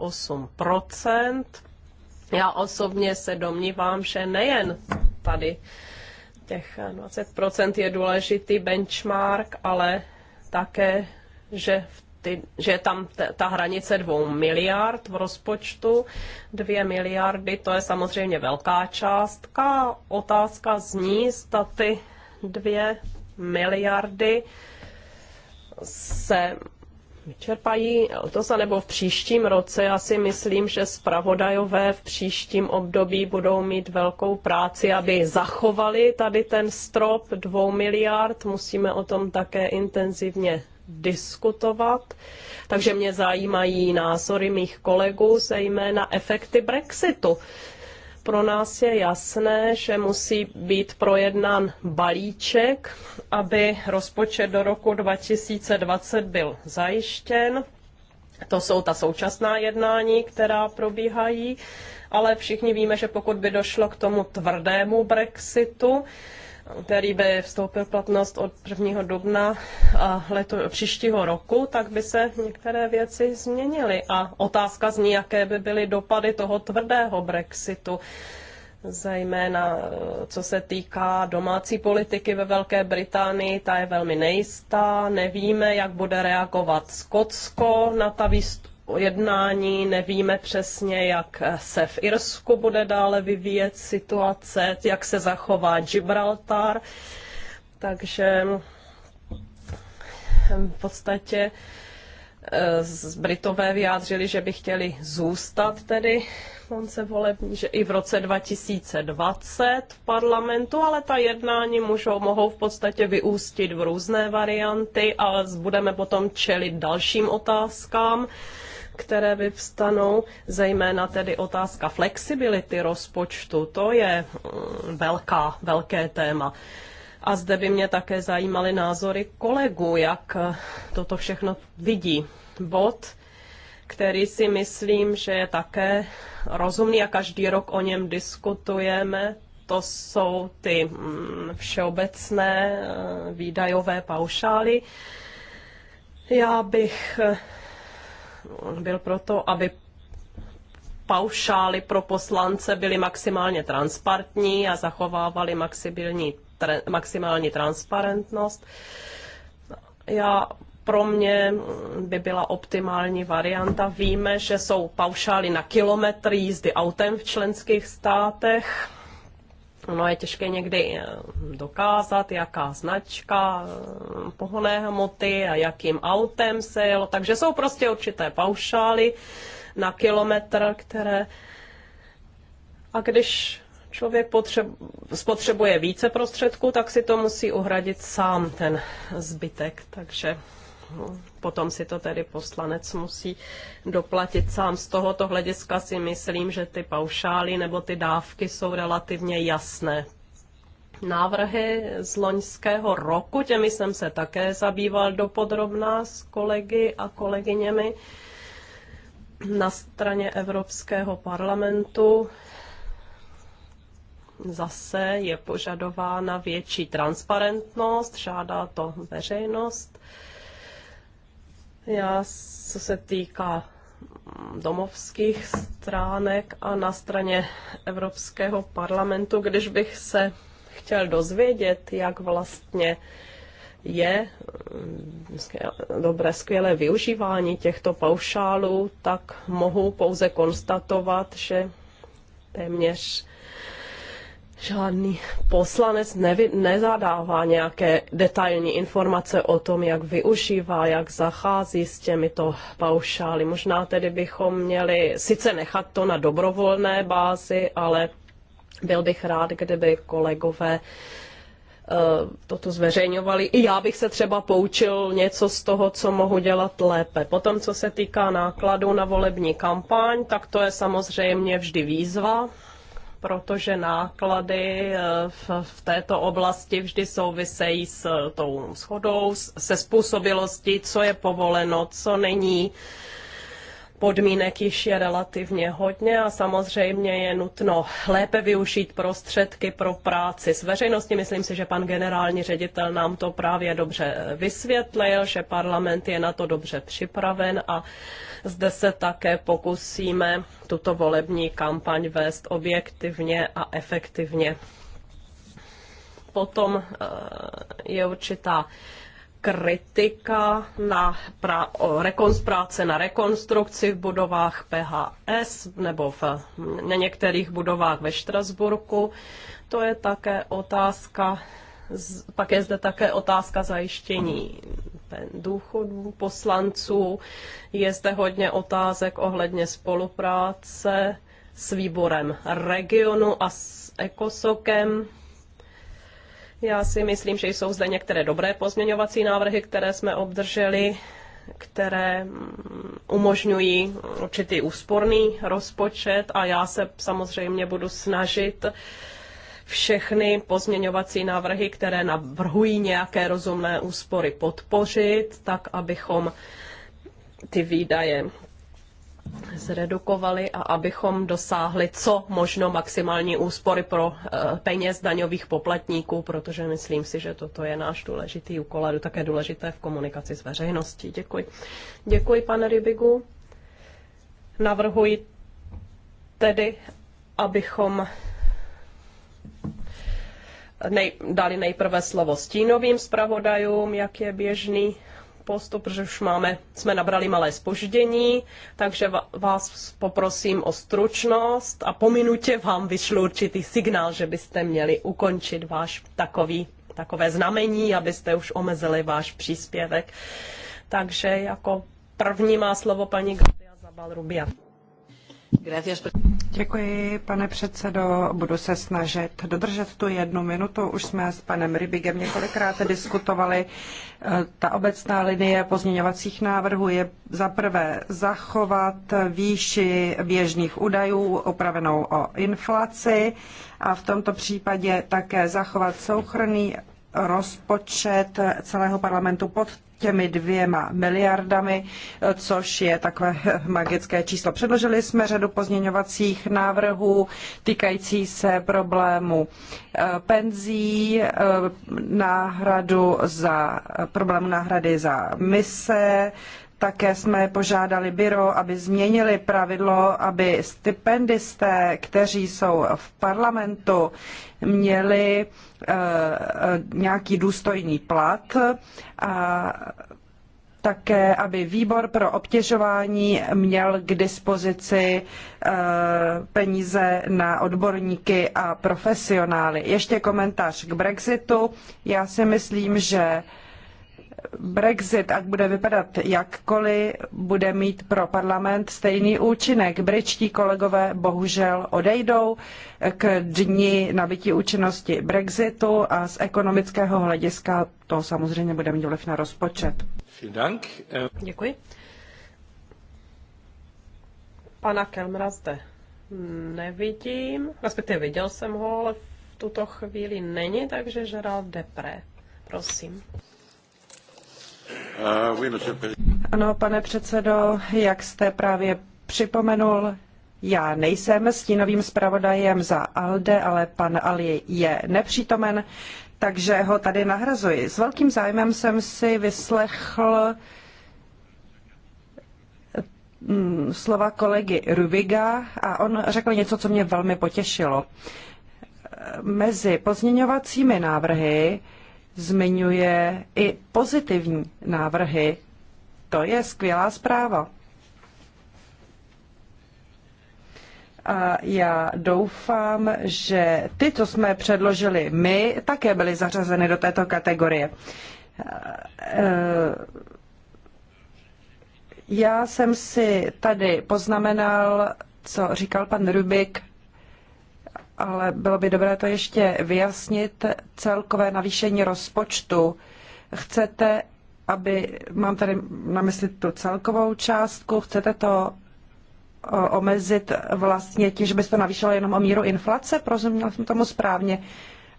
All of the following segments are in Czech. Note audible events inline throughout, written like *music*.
28%. Já osobně se domnívám, že nejen tady těch 20% je důležitý benchmark, ale také, že v ty, že je tam ta hranice dvou miliard v rozpočtu. Dvě miliardy, to je samozřejmě velká částka. Otázka zní, zda ty dvě miliardy se čerpají to za nebo v příštím roce. Já si myslím, že zpravodajové v příštím období budou mít velkou práci, aby zachovali tady ten strop dvou miliard. Musíme o tom také intenzivně diskutovat. Takže mě zajímají názory mých kolegů, zejména efekty Brexitu pro nás je jasné, že musí být projednán balíček, aby rozpočet do roku 2020 byl zajištěn. To jsou ta současná jednání, která probíhají, ale všichni víme, že pokud by došlo k tomu tvrdému Brexitu, který by vstoupil platnost od 1. dubna a letu, příštího roku, tak by se některé věci změnily. A otázka zní, jaké by byly dopady toho tvrdého Brexitu zejména co se týká domácí politiky ve Velké Británii, ta je velmi nejistá, nevíme, jak bude reagovat Skotsko na ta výst- jednání, nevíme přesně, jak se v Irsku bude dále vyvíjet situace, jak se zachová Gibraltar. Takže mm, v podstatě e, z Britové vyjádřili, že by chtěli zůstat tedy konce volební, že i v roce 2020 v parlamentu, ale ta jednání můžou, mohou v podstatě vyústit v různé varianty a budeme potom čelit dalším otázkám které vyvstanou, zejména tedy otázka flexibility rozpočtu, to je mm, velká, velké téma. A zde by mě také zajímaly názory kolegů, jak eh, toto všechno vidí. Bod, který si myslím, že je také rozumný a každý rok o něm diskutujeme, to jsou ty mm, všeobecné eh, výdajové paušály. Já bych eh, On byl proto, aby paušály pro poslance byly maximálně transparentní a zachovávaly maximální transparentnost. Já pro mě by byla optimální varianta. Víme, že jsou paušály na kilometr jízdy autem v členských státech Ono je těžké někdy eh, dokázat, jaká značka eh, pohonné hmoty a jakým autem se jelo. Takže jsou prostě určité paušály na kilometr, které... A když člověk potřeb, spotřebuje více prostředků, tak si to musí uhradit sám ten zbytek. Takže no, potom si to tedy poslanec musí doplatit sám. Z tohoto hlediska si myslím, že ty paušály nebo ty dávky jsou relativně jasné. Návrhy z loňského roku, těmi jsem se také zabýval dopodrobná s kolegy a kolegyněmi na straně Evropského parlamentu zase je požadována větší transparentnost, žádá to veřejnost. Já, co se týká mm, domovských stránek a na straně Evropského parlamentu, když bych se chtěl dozvědět, jak vlastně je mm, dobré, skvělé využívání těchto paušálů, tak mohu pouze konstatovat, že téměř žádný poslanec nevy, nezadává nějaké detailní informace o tom, jak využívá, jak zachází s těmito paušály. Možná tedy bychom měli sice nechat to na dobrovolné bázi, ale byl bych rád, kdyby kolegové eh, toto zveřejňovali. I já bych se třeba poučil něco z toho, co mohu dělat lépe. Potom, co se týká nákladů na volební kampaň, tak to je samozřejmě vždy výzva protože náklady eh, v, v této oblasti vždy souvisejí s eh, tou schodou, se způsobilostí, co je povoleno, co není podmínek již je relativně hodně a samozřejmě je nutno lépe využít prostředky pro práci s veřejností. Myslím si, že pan generální ředitel nám to právě dobře eh, vysvětlil, že parlament je na to dobře připraven a zde se také pokusíme tuto volební kampaň vést objektivně a efektivně. Potom eh, je určitá kritika na pra, o rekons, práce na rekonstrukci v budovách PHS nebo v, některých budovách ve Štrasburku. To je také otázka, pak je zde také otázka zajištění důchodů poslanců. Je zde hodně otázek ohledně spolupráce s výborem regionu a s ekosokem já si myslím, že jsou zde některé dobré pozměňovací návrhy, které jsme obdrželi, které mm, umožňují určitý úsporný rozpočet a já se samozřejmě budu snažit všechny pozměňovací návrhy, které navrhují nějaké rozumné úspory podpořit, tak abychom ty výdaje zredukovali a abychom dosáhli co možno maximální úspory pro eh, peněz daňových poplatníků, protože myslím si, že toto je náš důležitý úkol a také důležité v komunikaci s veřejností. Děkuji. Děkuji, pane Rybigu. Navrhuji tedy, abychom nej, dali nejprve slovo stínovým zpravodajům, jak je běžný postu, protože už máme, jsme nabrali malé spoždění, takže vás poprosím o stručnost a po minutě vám vyšlu určitý signál, že byste měli ukončit váš takový, takové znamení, abyste už omezili váš příspěvek. Takže jako první má slovo paní Gabia Zabal-Rubia. Děkuji, pane předsedo. Budu se snažit dodržet tu jednu minutu. Už jsme s panem Rybigem několikrát diskutovali. E, ta obecná linie pozměňovacích návrhů je za prvé zachovat výši běžných údajů opravenou o inflaci a v tomto případě také zachovat souchrný rozpočet celého parlamentu pod těmi dvěma miliardami, což je takové *laughs* magické číslo. Předložili jsme řadu pozměňovacích návrhů týkající se problému eh, penzí, eh, náhradu za, problému náhrady za mise, také jsme požádali byro, aby změnili pravidlo, aby stipendisté, kteří jsou v parlamentu, měli eh, nějaký důstojný plat a také, aby výbor pro obtěžování měl k dispozici eh, peníze na odborníky a profesionály. Ještě komentář k Brexitu. Já si myslím, že Brexit, ať bude vypadat jakkoliv, bude mít pro parlament stejný účinek. Britští kolegové bohužel odejdou k dni nabití účinnosti Brexitu a z ekonomického hlediska to samozřejmě bude mít vliv na rozpočet. Äh, Děkuji. Pana Kelmra zde nevidím, respektive viděl jsem ho, ale v tuto chvíli není, takže Gerald depre. Prosím. Ano, pane předsedo, jak jste právě připomenul, já nejsem stínovým zpravodajem za ALDE, ale pan Ali je nepřítomen, takže ho tady nahrazuji. S velkým zájmem jsem si vyslechl mm, slova kolegy Rubiga a on řekl něco, co mě velmi potěšilo. Mezi pozměňovacími návrhy zmiňuje i pozitivní návrhy. To je skvělá zpráva. a já doufám, že ty, co jsme předložili my, také byly zařazeny do této kategorie. Já jsem si tady poznamenal, co říkal pan Rubik ale bylo by dobré to ještě vyjasnit. Celkové navýšení rozpočtu chcete, aby, mám tady na mysli tu celkovou částku, chcete to omezit vlastně tím, že by se to navýšilo jenom o míru inflace, rozuměl jsem tomu správně.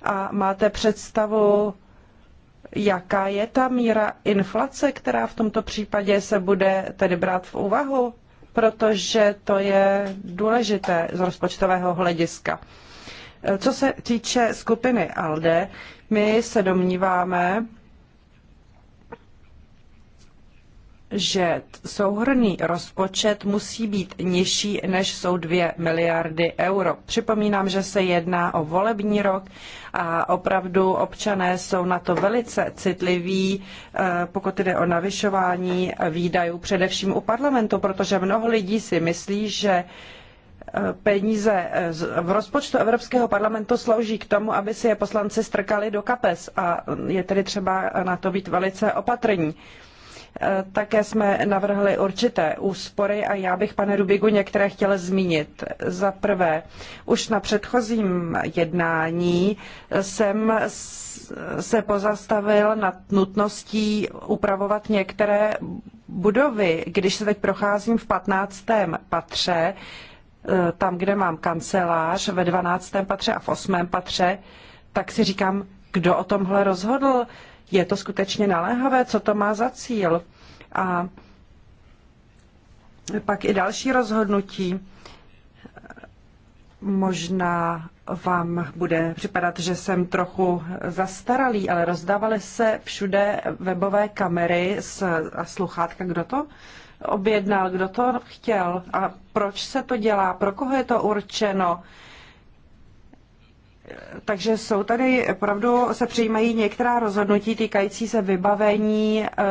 A máte představu, jaká je ta míra inflace, která v tomto případě se bude tedy brát v úvahu, protože to je důležité z rozpočtového hlediska. Eh, co se týče skupiny ALDE, my se domníváme, že souhrný rozpočet musí být nižší, než jsou 2 miliardy euro. Připomínám, že se jedná o volební rok a opravdu občané jsou na to velice citliví, eh, pokud jde o navyšování výdajů, především u parlamentu, protože mnoho lidí si myslí, že peníze v rozpočtu Evropského parlamentu slouží k tomu, aby si je poslanci strkali do kapes a je tedy třeba na to být velice opatrní. E, také jsme navrhli určité úspory a já bych, pane Rubigu, některé chtěla zmínit. Za prvé, už na předchozím jednání jsem se pozastavil nad nutností upravovat některé budovy. Když se teď procházím v 15. patře, E, tam, kde mám kancelář ve 12. patře a v 8. patře, tak si říkám, kdo o tomhle rozhodl, je to skutečně naléhavé, co to má za cíl. A pak i další rozhodnutí. Možná vám bude připadat, že jsem trochu zastaralý, ale rozdávaly se všude webové kamery a sluchátka. Kdo to objednal, kdo to chtěl a proč se to dělá, pro koho je to určeno takže jsou tady, opravdu se přijímají některá rozhodnutí týkající se vybavení eh,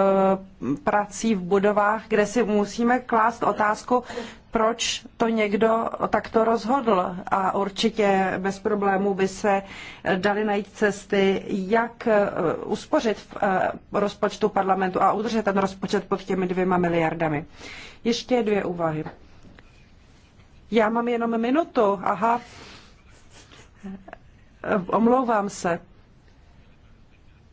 prací v budovách, kde si musíme klást otázku, proč to někdo takto rozhodl. A určitě bez problémů by se daly najít cesty, jak eh, uspořit v eh, rozpočtu parlamentu a udržet ten rozpočet pod těmi dvěma miliardami. Ještě dvě úvahy. Já mám jenom minutu, aha. Eh, omlouvám se.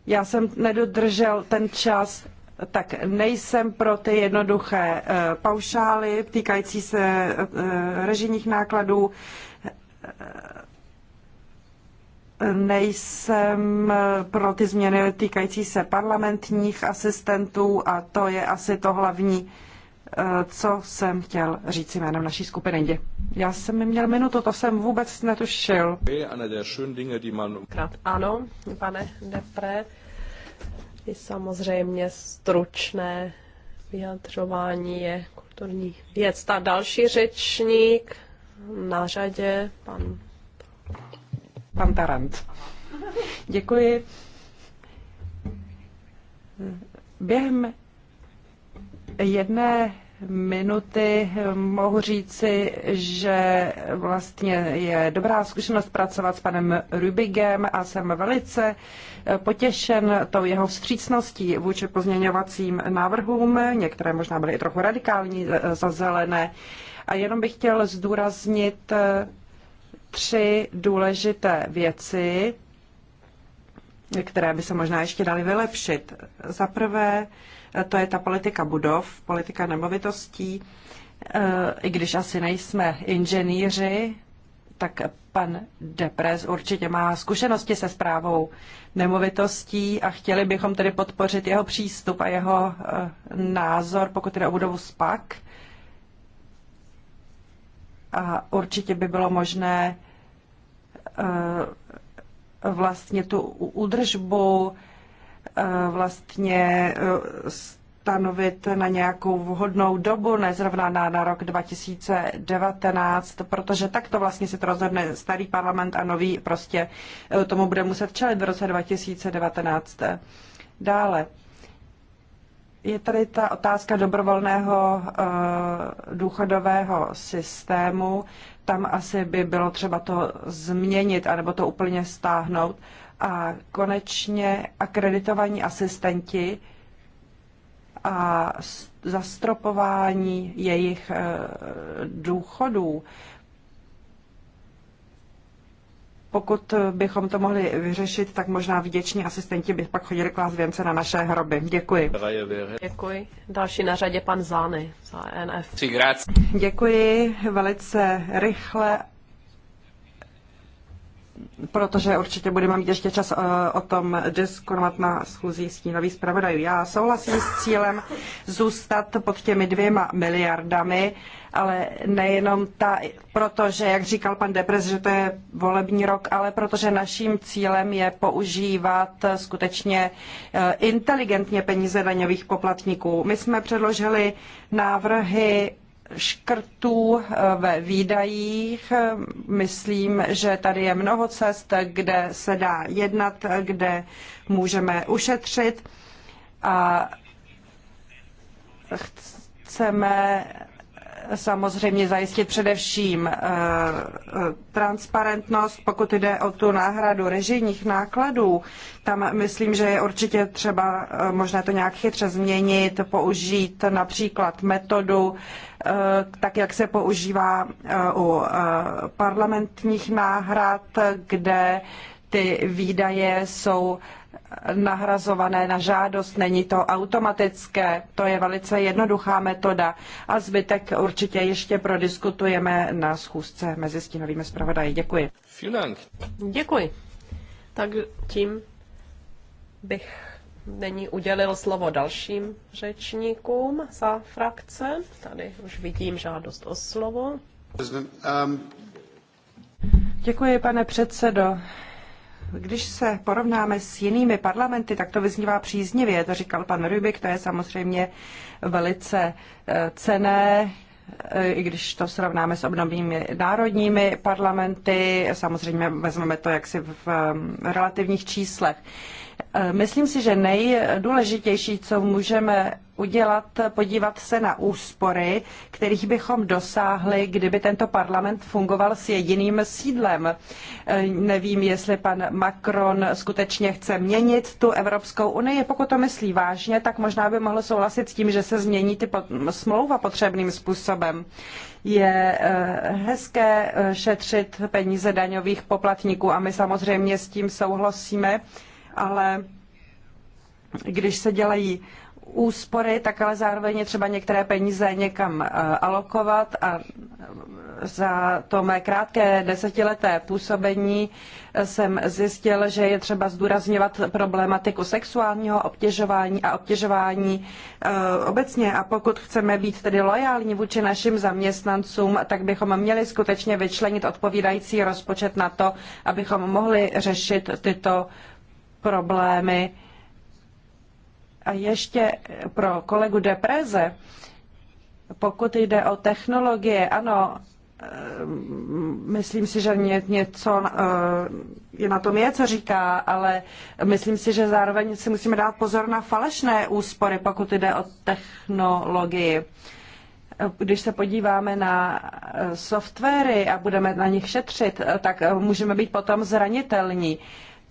Já jsem nedodržel ten čas, tak nejsem pro ty jednoduché eh, paušály týkající se eh, režijních nákladů. Nejsem pro ty změny týkající se parlamentních asistentů a to je asi to hlavní Eh, co jsem chtěl říct jménem naší skupiny. Já jsem měl minutu, to jsem vůbec netušil. Krát ano, pane Depre, i samozřejmě stručné vyjadřování je kulturní věc. Ta další řečník na řadě, pan, pan Tarant. Děkuji. Během jedné minuty. Mohu říci, že vlastně je dobrá zkušenost pracovat s panem Rubigem a jsem velice potěšen tou jeho vstřícností vůči pozměňovacím návrhům. Některé možná byly i trochu radikální e, e, za zelené. A jenom bych chtěl zdůraznit e, tři důležité věci, které by se možná ještě daly vylepšit. Za prvé, Eh, to je ta politika budov, politika nemovitostí. Eh, I když asi nejsme inženýři, tak pan Depres určitě má zkušenosti se zprávou nemovitostí a chtěli bychom tedy podpořit jeho přístup a jeho eh, názor, pokud jde o budovu SPAK. A určitě by bylo možné vlastně tu údržbu Eh, vlastně eh, stanovit na nějakou vhodnou dobu, nezrovna na, na rok 2019, protože takto vlastně si to rozhodne starý parlament a nový prostě eh, tomu bude muset čelit v roce 2019. Dále. Je tady ta otázka dobrovolného uh, důchodového systému. Tam asi by bylo třeba to změnit anebo to úplně stáhnout. Uh, a konečně akreditovaní asistenti a zastropování jejich eh, důchodů. Pokud bychom to mohli vyřešit, tak možná vděční asistenti by pak chodili klás věnce na naše hroby. Děkuji. Děkuji. Další na řadě pan Zány za NF. Děkuji velice rychle protože určitě budeme mít ještě čas eh, o tom diskonovat na schůzí stínových zpravodajů. Já souhlasím s cílem zůstat pod těmi dvěma miliardami, ale nejenom ta, protože, jak říkal pan Depres, že to je volební rok, ale protože naším cílem je používat skutečně eh, inteligentně peníze daňových poplatníků. My jsme předložili návrhy škrtů eh, ve výdajích. Myslím, že tady je mnoho cest, kde se dá jednat, kde můžeme ušetřit a chceme samozřejmě zajistit především eh, eh, transparentnost, pokud jde o tu náhradu režijních nákladů. Tam myslím, že je určitě třeba eh, možné to nějak chytře změnit, použít například metodu, tak jak se používá u parlamentních náhrad, kde ty výdaje jsou nahrazované na žádost, není to automatické, to je velice jednoduchá metoda a zbytek určitě ještě prodiskutujeme na schůzce mezi stínovými zpravodaji. Děkuji. Děkuji. Tak tím bych není udělil slovo dalším řečníkům za frakce. Tady už vidím žádost o slovo. Um, Děkuji, pane předsedo když se porovnáme s jinými parlamenty, tak to vyznívá příznivě, to říkal pan Rubik, to je samozřejmě velice eh, cené, eh, i když to srovnáme s obnovými národními parlamenty, samozřejmě vezmeme to jaksi v relativních číslech. Eh, myslím si, že nejdůležitější, co můžeme udělat, podívat se na úspory, kterých bychom dosáhli, kdyby tento parlament fungoval s jediným sídlem. Eh, nevím, jestli pan Macron skutečně chce měnit tu Evropskou unii. Pokud to myslí vážně, tak možná by mohl souhlasit s tím, že se změní ty smlouva potřebným způsobem. Je eh, hezké šetřit peníze daňových poplatníků a my samozřejmě s tím souhlasíme ale když se dělají úspory, tak ale zároveň je třeba některé peníze někam eh, alokovat a za to mé krátké desetileté působení eh, jsem zjistil, že je třeba zdůrazňovat problematiku sexuálního obtěžování a obtěžování eh, obecně. A pokud chceme být tedy lojální vůči našim zaměstnancům, tak bychom měli skutečně vyčlenit odpovídající rozpočet na to, abychom mohli řešit tyto problémy. A ještě pro kolegu Depreze, pokud jde o technologie, ano, eh, myslím si, že něco eh, je na tom je, co říká, ale myslím si, že zároveň si musíme dát pozor na falešné úspory, pokud jde o technologii. Když se podíváme na eh, softwary a budeme na nich šetřit, tak můžeme být potom zranitelní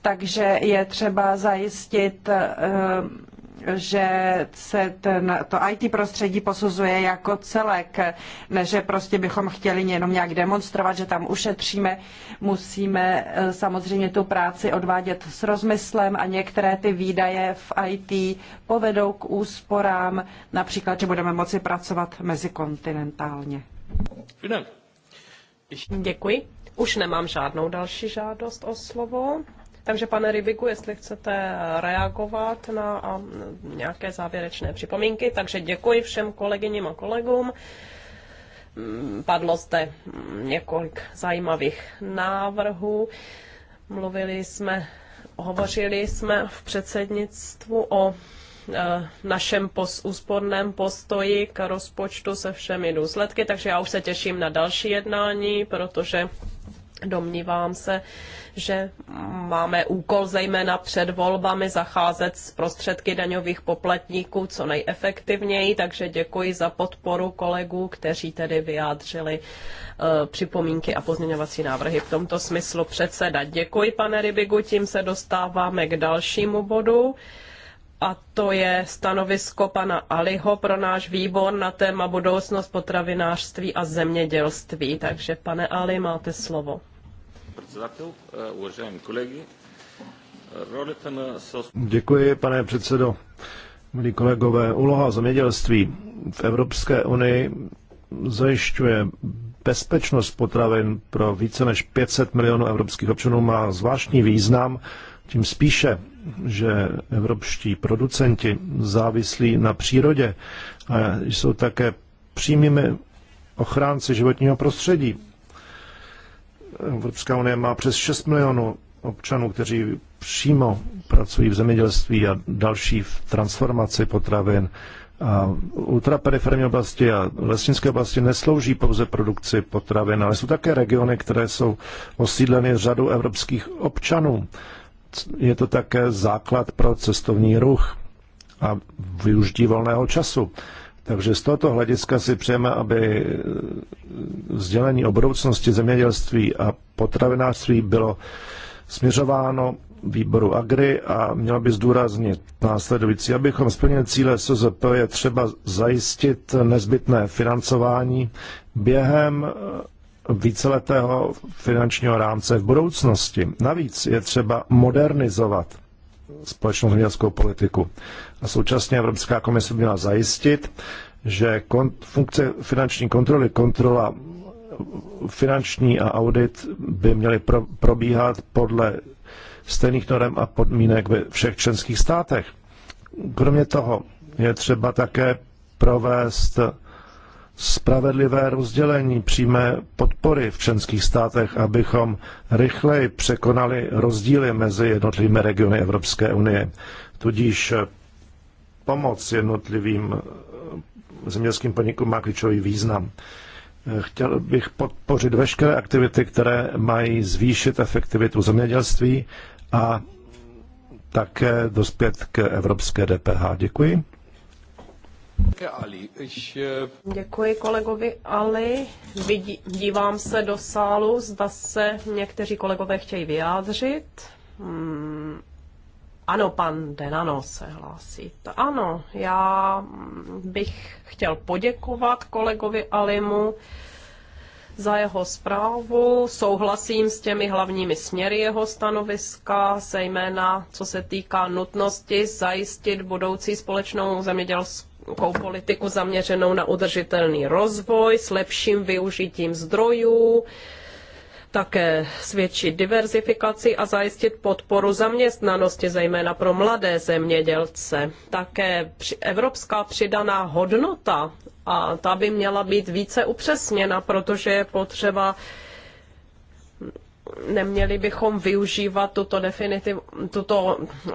takže je třeba zajistit, eh, že se ten, to IT prostředí posuzuje jako celek, ne že prostě bychom chtěli jenom nějak demonstrovat, že tam ušetříme. Musíme eh, samozřejmě tu práci odvádět s rozmyslem a některé ty výdaje v IT povedou k úsporám, například, že budeme moci pracovat mezikontinentálně. Děkuji. Už nemám žádnou další žádost o slovo. Takže pane Rybiku, jestli chcete reagovat na nějaké závěrečné připomínky, takže děkuji všem kolegyním a kolegům. Mm, padlo zde několik zajímavých návrhů. Mluvili jsme, hovořili jsme v předsednictvu o e, našem pos, úsporném postoji k rozpočtu se všemi důsledky, takže já už se těším na další jednání, protože Domnívám se, že máme úkol zejména před volbami zacházet s prostředky daňových poplatníků co nejefektivněji, takže děkuji za podporu kolegů, kteří tedy vyjádřili eh, připomínky a pozměňovací návrhy v tomto smyslu předseda. Děkuji, pane Rybigu, tím se dostáváme k dalšímu bodu a to je stanovisko pana Aliho pro náš výbor na téma budoucnost potravinářství a zemědělství. Takže pane Ali, máte slovo. Eh, Děkuji, pane předsedo. Milí kolegové, úloha zemědělství v Evropské unii zajišťuje bezpečnost potravin pro více než 500 milionů evropských občanů má zvláštní význam tím spíše, že evropští producenti závislí na přírodě a jsou také přímými ochránci životního prostředí. Evropská unie má přes 6 milionů občanů, kteří přímo pracují v zemědělství a další v transformaci potravin. A ultraperiferní oblasti a lesnické oblasti neslouží pouze produkci potravin, ale jsou také regiony, které jsou osídleny řadou evropských občanů je to také základ pro cestovní ruch a využití volného času. Takže z tohoto hlediska si přejeme, aby vzdělení eh, o budoucnosti zemědělství a potravinářství bylo směřováno výboru Agri a mělo by zdůraznit následující. Abychom splnili cíle SZP, je třeba zajistit nezbytné financování během víceletého finančního rámce v budoucnosti. Navíc je třeba modernizovat společnou zemědělskou politiku. A současně Evropská komise měla zajistit, že funkce finanční kontroly, kontrola finanční a audit by měly pro- probíhat podle stejných norm a podmínek ve všech členských státech. Kromě toho je třeba také provést spravedlivé rozdělení přímé podpory v členských státech, abychom rychleji překonali rozdíly mezi jednotlivými regiony Evropské unie. Tudíž eh, pomoc jednotlivým eh, zemědělským podnikům má klíčový význam. Eh, chtěl bych podpořit veškeré aktivity, které mají zvýšit efektivitu zemědělství a také dospět k evropské DPH. Děkuji. Eh, Děkuji kolegovi Ali. Vidí, dívám se do sálu, zda se někteří kolegové chtějí vyjádřit. Hmm. Ano, pan Denano se hlásí. To ano, já bych chtěl poděkovat kolegovi Alimu za jeho zprávu. Souhlasím s těmi hlavními směry jeho stanoviska, zejména co se týká nutnosti zajistit budoucí společnou zemědělskou politiku zaměřenou na udržitelný rozvoj s lepším využitím zdrojů, také svědčit diverzifikaci a zajistit podporu zaměstnanosti, zejména pro mladé zemědělce. Také evropská přidaná hodnota a ta by měla být více upřesněna, protože je potřeba neměli bychom využívat tuto, definitiv, tuto uh,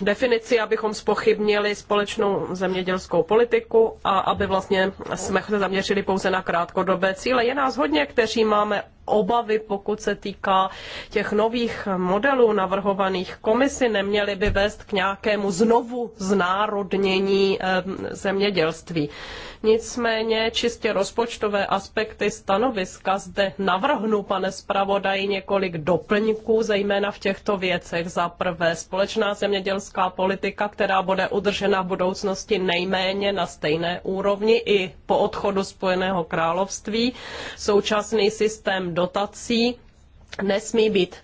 definici, abychom spochybnili společnou zemědělskou politiku a aby vlastně jsme se zaměřili pouze na krátkodobé cíle. Je nás hodně, kteří máme obavy, pokud se týká těch nových modelů navrhovaných komisi, neměly by vést k nějakému znovu znárodnění zemědělství. Nicméně čistě rozpočtové aspekty stanoviska zde navrhnu, pane zpravodaji, několik doplňků, zejména v těchto věcech. Za prvé společná zemědělská politika, která bude udržena v budoucnosti nejméně na stejné úrovni i po odchodu Spojeného království. Současný systém dotací nesmí být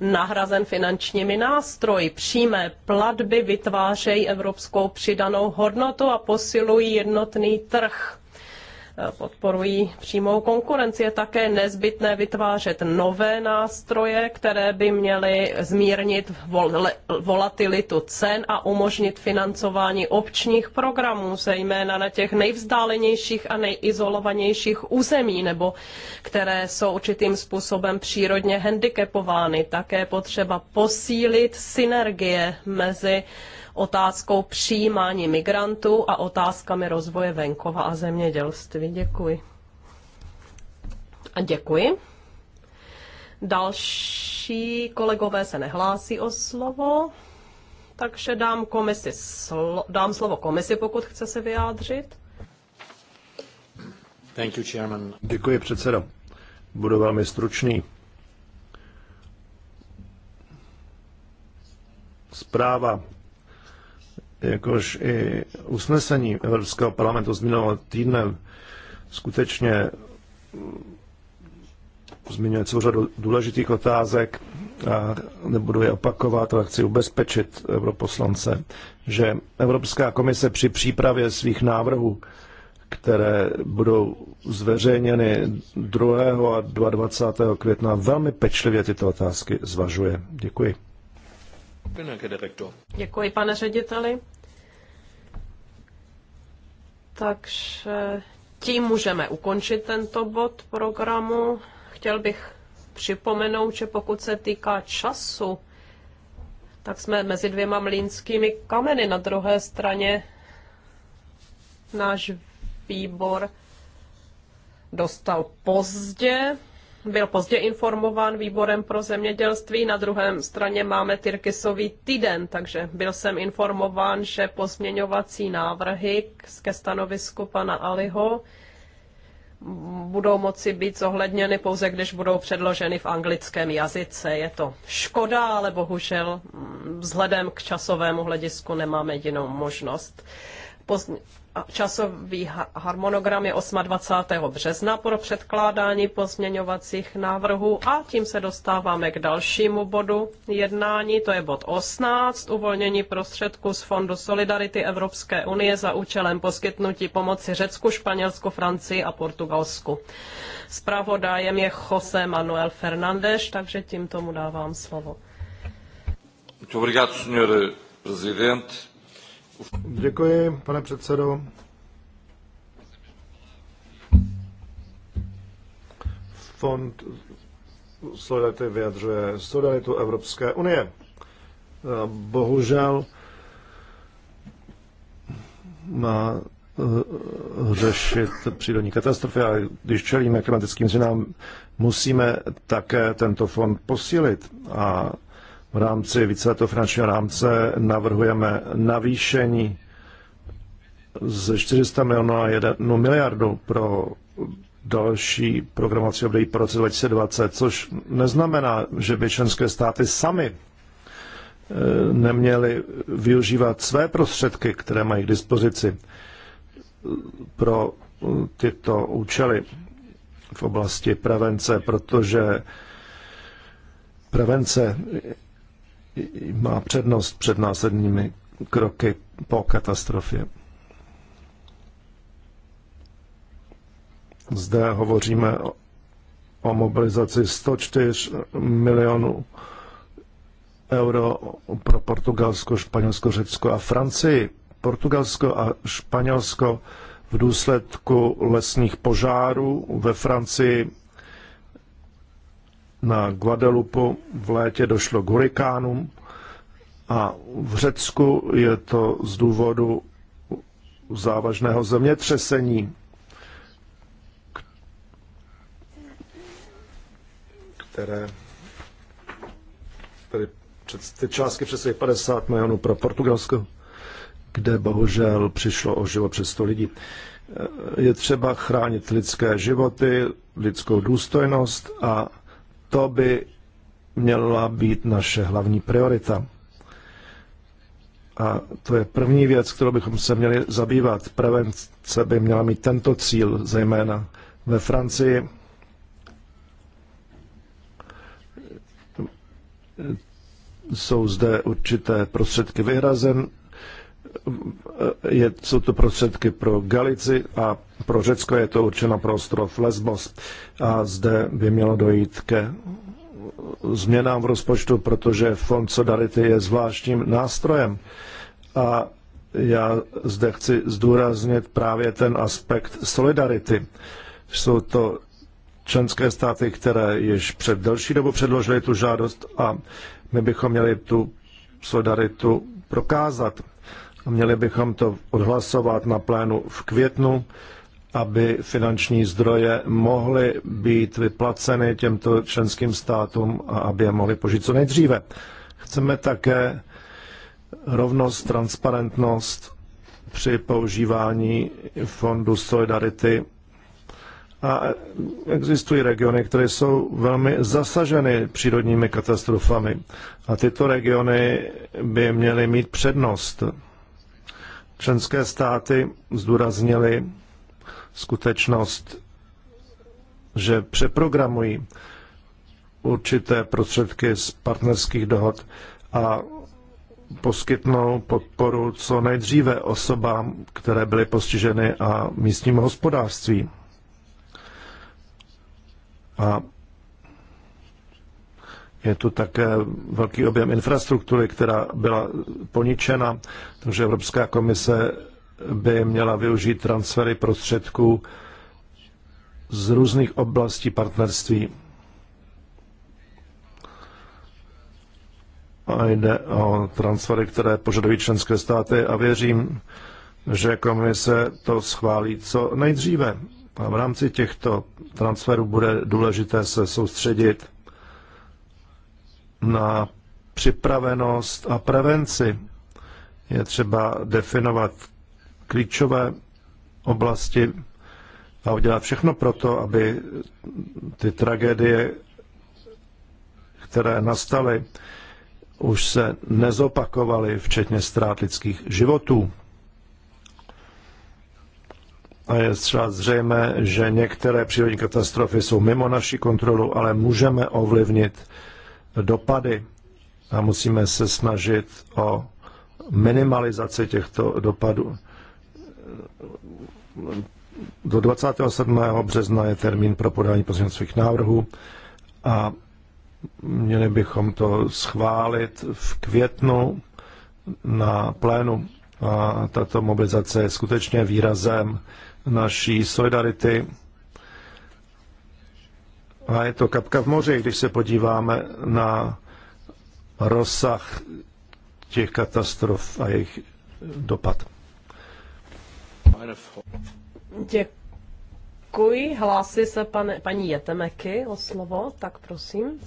nahrazen finančními nástroji. Přímé platby vytvářejí evropskou přidanou hodnotu a posilují jednotný trh podporují přímou konkurenci. Je také nezbytné vytvářet nové nástroje, které by měly zmírnit vol volatilitu cen a umožnit financování občních programů, zejména na těch nejvzdálenějších a nejizolovanějších území, nebo které jsou určitým způsobem přírodně handicapovány. Také potřeba posílit synergie mezi otázkou přijímání migrantů a otázkami rozvoje venkova a zemědělství. Děkuji. A děkuji. Další kolegové se nehlásí o slovo, takže dám, komisi slo- dám slovo komisi, pokud chce se vyjádřit. Thank you, chairman. Děkuji, předsedo. Budu velmi stručný. Zpráva jakož i usnesení Evropského parlamentu z minulého týdne skutečně mm, zmiňuje celou řadu důležitých otázek a nebudu je opakovat, ale chci ubezpečit europoslance, že Evropská komise při přípravě svých návrhů, které budou zveřejněny 2. a 22. května, velmi pečlivě tyto otázky zvažuje. Děkuji. Děkuji, pane řediteli. Takže tím můžeme ukončit tento bod programu. Chtěl bych připomenout, že pokud se týká času, tak jsme mezi dvěma mlínskými kameny. Na druhé straně náš výbor dostal pozdě byl pozdě informován výborem pro zemědělství. Na druhém straně máme Tyrkisový týden, takže byl jsem informován, že pozměňovací návrhy ke stanovisku pana Aliho budou moci být zohledněny pouze, když budou předloženy v anglickém jazyce. Je to škoda, ale bohužel mm, vzhledem k časovému hledisku nemáme jinou možnost časový harmonogram je 28. března pro předkládání pozměňovacích návrhů a tím se dostáváme k dalšímu bodu jednání, to je bod 18, uvolnění prostředků z Fondu Solidarity Evropské unie za účelem poskytnutí pomoci Řecku, Španělsku, Francii a Portugalsku. Spravodajem je Jose Manuel Fernández, takže tím tomu dávám slovo. Muito obrigado, senhor Presidente. Děkuji, pane předsedo. Fond Solidarity vyjadřuje solidaritu Evropské unie. Bohužel má eh, řešit přírodní katastrofy a když čelíme klimatickým změnám, musíme také tento fond posílit a v rámci víceletého finančního rámce navrhujeme navýšení ze 400 milionů na 1 miliardu pro další programovací období pro roce 2020, což neznamená, že by členské státy sami e, neměly využívat své prostředky, které mají k dispozici pro tyto účely v oblasti prevence, protože prevence má přednost před následnými kroky po katastrofě. Zde hovoříme o mobilizaci 104 milionů euro pro Portugalsko, Španělsko, Řecko a Francii. Portugalsko a Španělsko v důsledku lesních požárů ve Francii na Guadalupu v létě došlo k hurikánům a v Řecku je to z důvodu závažného zemětřesení, které tady před, ty částky přes 50 milionů pro Portugalsko, kde bohužel přišlo o život přes 100 lidí. Je třeba chránit lidské životy, lidskou důstojnost a to by měla být naše hlavní priorita. A to je první věc, kterou bychom se měli zabývat. Prevence by měla mít tento cíl, zejména ve Francii. Jsou zde určité prostředky vyhrazen, je, jsou to prostředky pro Galici a pro Řecko je to určeno pro ostrov Lesbos. A zde by mělo dojít ke změnám v rozpočtu, protože Fond Solidarity je zvláštním nástrojem. A já zde chci zdůraznit právě ten aspekt solidarity. Jsou to členské státy, které již před delší dobu předložily tu žádost a my bychom měli tu solidaritu prokázat a měli bychom to odhlasovat na plénu v květnu, aby finanční zdroje mohly být vyplaceny těmto členským státům a aby je mohli požít co nejdříve. Chceme také rovnost, transparentnost při používání fondu Solidarity a existují regiony, které jsou velmi zasaženy přírodními katastrofami. A tyto regiony by měly mít přednost Členské státy zdůraznily skutečnost, že přeprogramují určité prostředky z partnerských dohod a poskytnou podporu co nejdříve osobám, které byly postiženy a místním hospodářství. A je tu také velký objem infrastruktury, která byla poničena, takže Evropská komise by měla využít transfery prostředků z různých oblastí partnerství. A jde o transfery, které požadují členské státy a věřím, že komise to schválí co nejdříve. A v rámci těchto transferů bude důležité se soustředit na připravenost a prevenci. Je třeba definovat klíčové oblasti a udělat všechno pro to, aby ty tragédie, které nastaly, už se nezopakovaly, včetně ztrát lidských životů. A je třeba zřejmé, že některé přírodní katastrofy jsou mimo naši kontrolu, ale můžeme ovlivnit dopady a musíme se snažit o minimalizaci těchto dopadů. Do 27. března je termín pro podání pozměňovacích návrhů a měli bychom to schválit v květnu na plénu. A tato mobilizace je skutečně výrazem naší solidarity a je to kapka v moři, když se podíváme na rozsah těch katastrof a jejich dopad. Děkuji. Hlásí se pane, paní Jetemeky o slovo, tak prosím.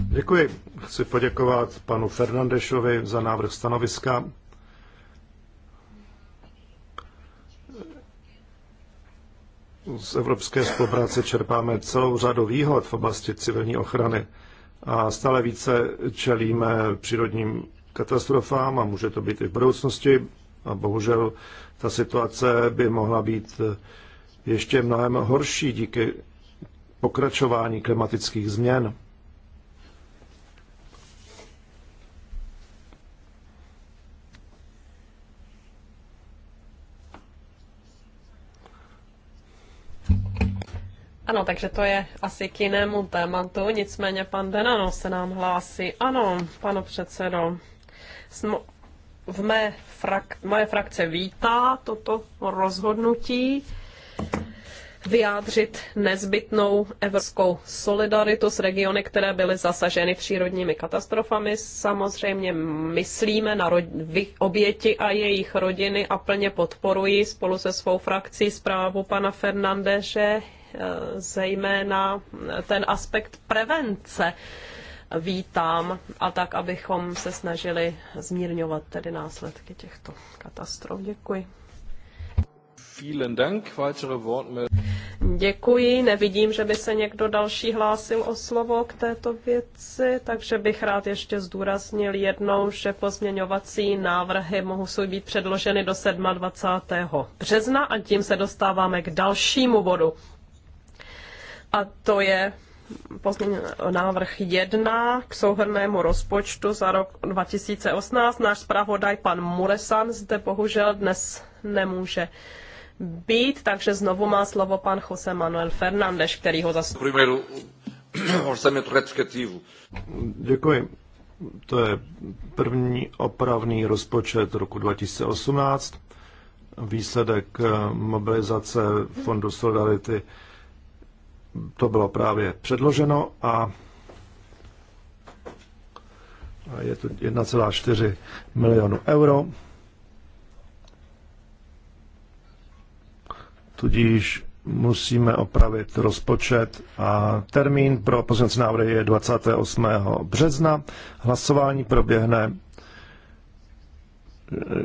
Děkuji. Chci poděkovat panu Fernandešovi za návrh stanoviska z evropské spolupráce čerpáme celou řadu výhod v oblasti civilní ochrany a stále více čelíme přírodním katastrofám a může to být i v budoucnosti. A bohužel ta situace by mohla být ještě mnohem horší díky pokračování klimatických změn. Ano, takže to je asi k jinému tématu, nicméně pan Denano se nám hlásí. Ano, pane předsedo, Smo v mé frak- moje frakce vítá toto rozhodnutí vyjádřit nezbytnou evropskou solidaritu s regiony, které byly zasaženy přírodními katastrofami. Samozřejmě myslíme na oběti a jejich rodiny a plně podporuji spolu se svou frakcí zprávu pana Fernandeše zejména ten aspekt prevence vítám a tak, abychom se snažili zmírňovat tedy následky těchto katastrof. Děkuji. Vielen Dank. Weitere Děkuji. Nevidím, že by se někdo další hlásil o slovo k této věci, takže bych rád ještě zdůraznil jednou, že pozměňovací návrhy mohou být předloženy do 27. března a tím se dostáváme k dalšímu bodu a to je návrh 1 k souhrnému rozpočtu za rok 2018. Náš zpravodaj pan Muresan zde bohužel dnes nemůže být, takže znovu má slovo pan Jose Manuel Fernández, který ho zastupuje. *clears throat* Děkuji. To je první opravný rozpočet roku 2018. Výsledek mobilizace Fondu Solidarity to bylo právě předloženo a je to 1,4 milionu euro. Tudíž musíme opravit rozpočet a termín pro pozměňovací návrhy je 28. března. Hlasování proběhne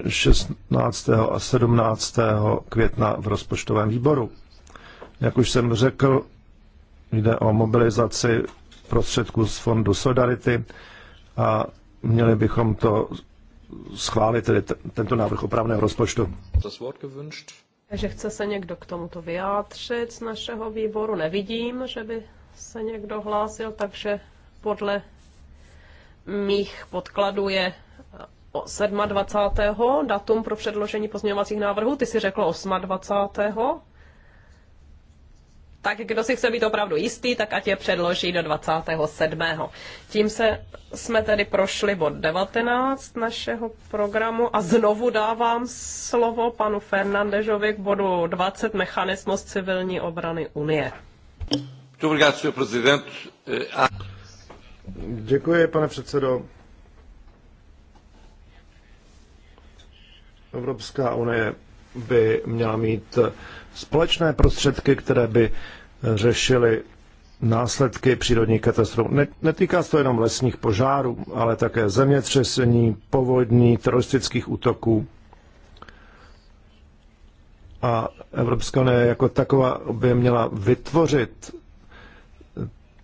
16. a 17. května v rozpočtovém výboru. Jak už jsem řekl, Jde o mobilizaci prostředků z fondu Solidarity a měli bychom to schválit, tedy tento návrh opravného rozpočtu. Že chce se někdo k tomuto vyjádřit z našeho výboru? Nevidím, že by se někdo hlásil, takže podle mých podkladů je 27. Eh, datum pro předložení pozměňovacích návrhů. Ty si řekl 28 tak kdo si chce být opravdu jistý, tak ať je předloží do 27. Tím se jsme tedy prošli bod 19 našeho programu a znovu dávám slovo panu Fernandežovi k bodu 20 mechanismus civilní obrany Unie. Eh, Děkuji, pane předsedo. Evropská unie by měla mít společné prostředky, které by řešily následky přírodních katastrof. Netýká se to jenom lesních požárů, ale také zemětřesení, povodní, teroristických útoků. A Evropská unie jako taková by měla vytvořit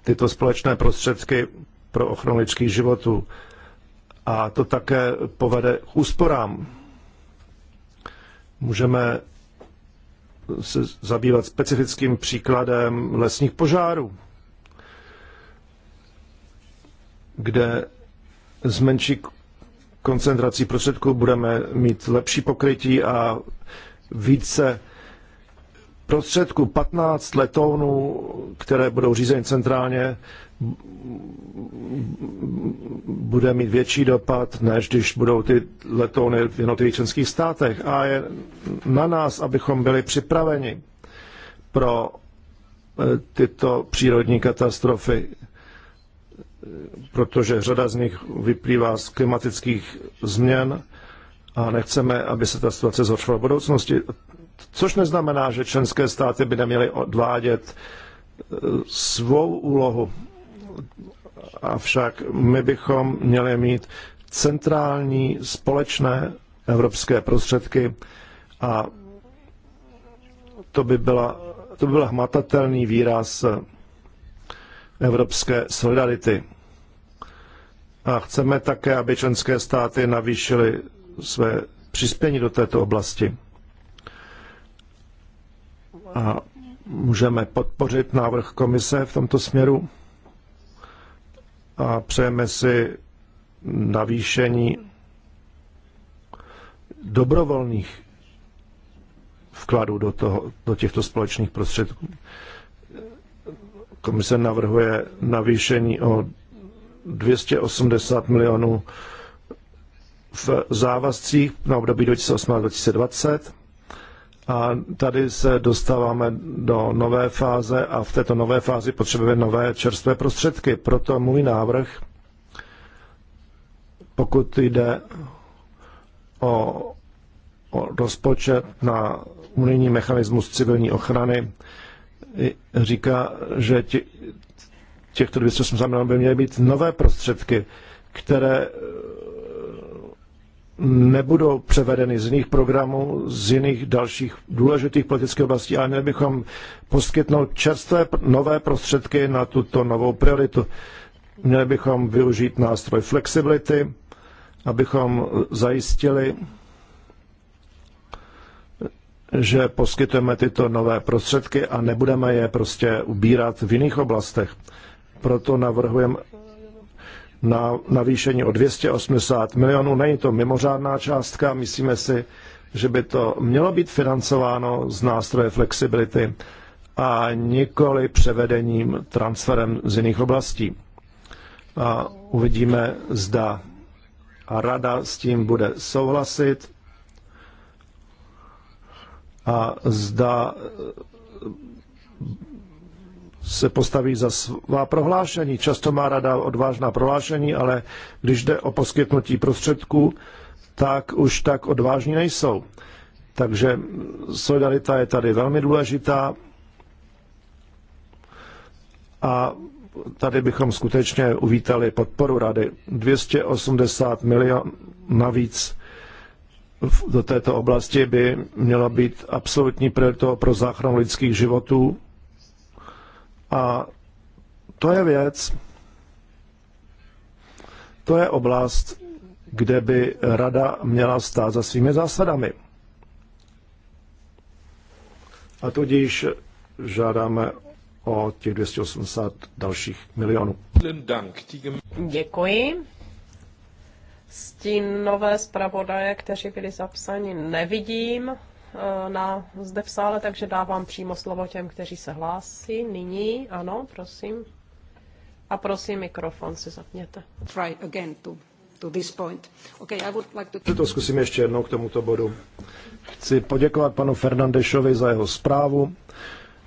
tyto společné prostředky pro ochranu lidských životů. A to také povede k úsporám. Můžeme se zabývat specifickým příkladem lesních požárů, kde s menší koncentrací prostředků budeme mít lepší pokrytí a více prostředku 15 letounů, které budou řízeny centrálně, bude mít větší dopad, než když budou ty letouny v jednotlivých členských státech. A je na nás, abychom byli připraveni pro eh, tyto přírodní katastrofy, protože řada z nich vyplývá z klimatických změn a nechceme, aby se ta situace zhoršovala v budoucnosti. Což neznamená, že členské státy by neměly odvádět eh, svou úlohu. Avšak my bychom měli mít centrální společné evropské prostředky a to by, byla, to by byl hmatatelný výraz evropské solidarity. A chceme také, aby členské státy navýšily své přispění do této oblasti a můžeme podpořit návrh komise v tomto směru a přejeme si navýšení dobrovolných vkladů do, toho, do těchto společných prostředků. Komise navrhuje navýšení o 280 milionů v závazcích na období 2018-2020 a tady se dostáváme do nové fáze a v této nové fázi potřebujeme nové čerstvé prostředky. Proto můj návrh, pokud jde o, o rozpočet na unijní mechanismus civilní ochrany, říká, že tě, těchto 280 milionů by měly být nové prostředky, které nebudou převedeny z jiných programů, z jiných dalších důležitých politických oblastí, ale měli bychom poskytnout čerstvé nové prostředky na tuto novou prioritu. Měli bychom využít nástroj flexibility, abychom zajistili, že poskytujeme tyto nové prostředky a nebudeme je prostě ubírat v jiných oblastech. Proto navrhujeme na navýšení o 280 milionů. Není to mimořádná částka, myslíme si, že by to mělo být financováno z nástroje flexibility a nikoli převedením, transferem z jiných oblastí. A uvidíme, zda a rada s tím bude souhlasit a zda se postaví za svá prohlášení. Často má rada odvážná prohlášení, ale když jde o poskytnutí prostředků, tak už tak odvážní nejsou. Takže solidarita je tady velmi důležitá a tady bychom skutečně uvítali podporu rady. 280 milion navíc do této oblasti by měla být absolutní prioritou pro záchranu lidských životů a to je věc, to je oblast, kde by rada měla stát za svými zásadami. A tudíž žádáme o těch 280 dalších milionů. Děkuji. Stínové zpravodaje, kteří byli zapsáni, nevidím. Eh, na, zde v sále, takže dávám přímo slovo těm, kteří se hlásí. Nyní, ano, prosím. A prosím, mikrofon si zapněte. Try again to, to this point. Okay, I would like to... to zkusím ještě jednou k tomuto bodu. Chci poděkovat panu Fernandešovi za jeho zprávu,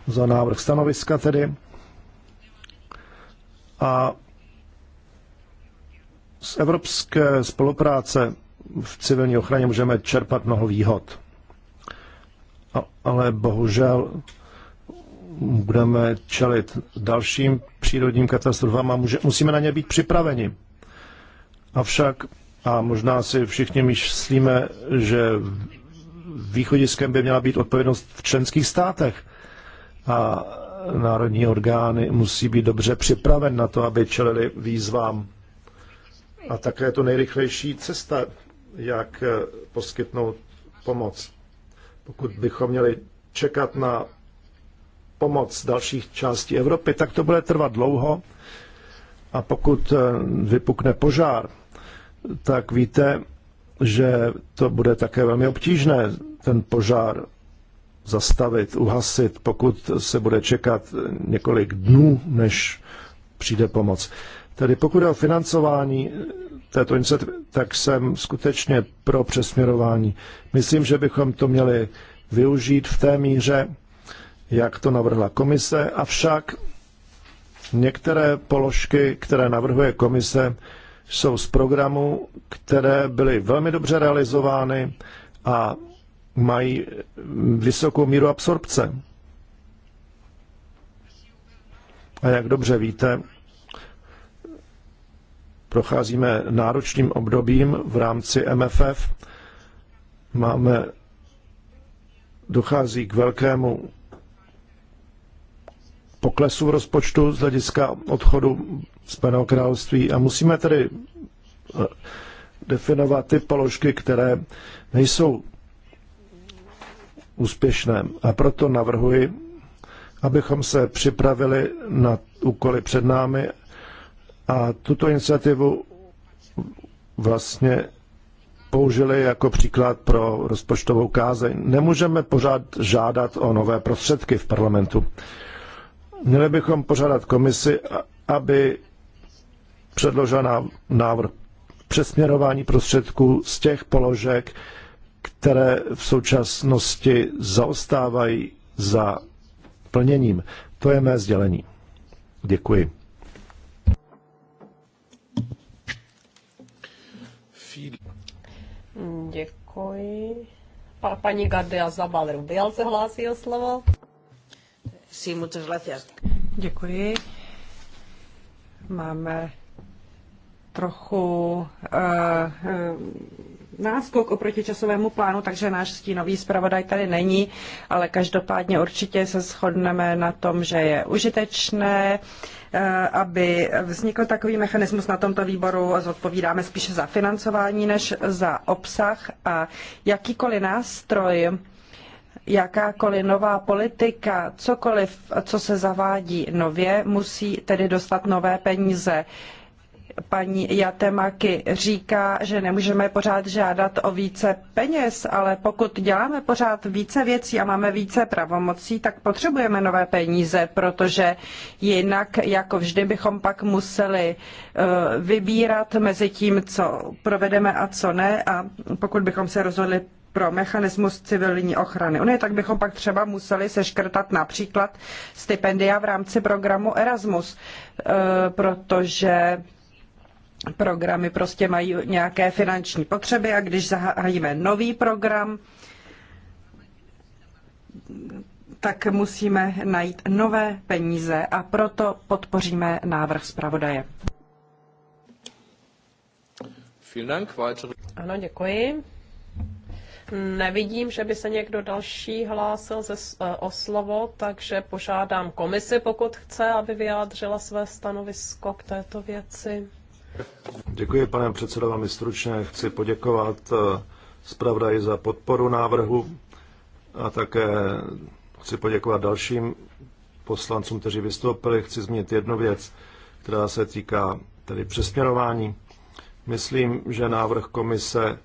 za návrh stanoviska tedy. A z evropské spolupráce v civilní ochraně můžeme čerpat mnoho výhod ale bohužel budeme čelit dalším přírodním katastrofám a může, musíme na ně být připraveni. Avšak, a možná si všichni myslíme, že východiskem by měla být odpovědnost v členských státech a národní orgány musí být dobře připraven na to, aby čelili výzvám. A také je to nejrychlejší cesta, jak poskytnout pomoc pokud bychom měli čekat na pomoc dalších částí Evropy, tak to bude trvat dlouho. A pokud eh, vypukne požár, tak víte, že to bude také velmi obtížné ten požár zastavit, uhasit, pokud se bude čekat několik dnů, než přijde pomoc. Tedy pokud je o financování, této iniciativy, tak jsem skutečně pro přesměrování. Myslím, že bychom to měli využít v té míře, jak to navrhla komise, avšak některé položky, které navrhuje komise, jsou z programů, které byly velmi dobře realizovány a mají vysokou míru absorpce. A jak dobře víte, Procházíme náročným obdobím v rámci MFF. Máme, dochází k velkému poklesu v rozpočtu z hlediska odchodu z Spojeného království a musíme tedy eh, definovat ty položky, které nejsou úspěšné. A proto navrhuji, abychom se připravili na úkoly před námi a tuto iniciativu vlastně použili jako příklad pro rozpočtovou kázeň. Nemůžeme pořád žádat o nové prostředky v parlamentu. Měli bychom požádat komisi, aby předložila návrh přesměrování prostředků z těch položek, které v současnosti zaostávají za plněním. To je mé sdělení. Děkuji. Děkuji. Pa, paní Gardia Zabal Rubial se hlásí o slovo. Sí, muchas gracias. Děkuji. Máme trochu uh, náskok oproti časovému plánu, takže náš stínový zpravodaj tady není, ale každopádně určitě se shodneme na tom, že je užitečné uh, Eh, aby vznikl takový mechanismus na tomto výboru. Zodpovídáme spíše za financování než za obsah a jakýkoliv nástroj, jakákoliv nová politika, cokoliv, co se zavádí nově, musí tedy dostat nové peníze. Paní Jatemaki říká, že nemůžeme pořád žádat o více peněz, ale pokud děláme pořád více věcí a máme více pravomocí, tak potřebujeme nové peníze, protože jinak, jako vždy, bychom pak museli eh, vybírat mezi tím, co provedeme a co ne. A pokud bychom se rozhodli pro mechanismus civilní ochrany Unie, tak bychom pak třeba museli seškrtat například stipendia v rámci programu Erasmus, eh, protože programy prostě mají nějaké finanční potřeby a když zahájíme nový program, tak musíme najít nové peníze a proto podpoříme návrh zpravodaje. Ano, děkuji. Nevidím, že by se někdo další hlásil ze, eh, o slovo, takže požádám komisi, pokud chce, aby vyjádřila své stanovisko k této věci. Děkuji, pane předsedo, velmi stručně. Chci poděkovat eh, zpravodaji za podporu návrhu a také chci poděkovat dalším poslancům, kteří vystoupili. Chci zmínit jednu věc, která se týká tedy přesměrování. Myslím, že návrh komise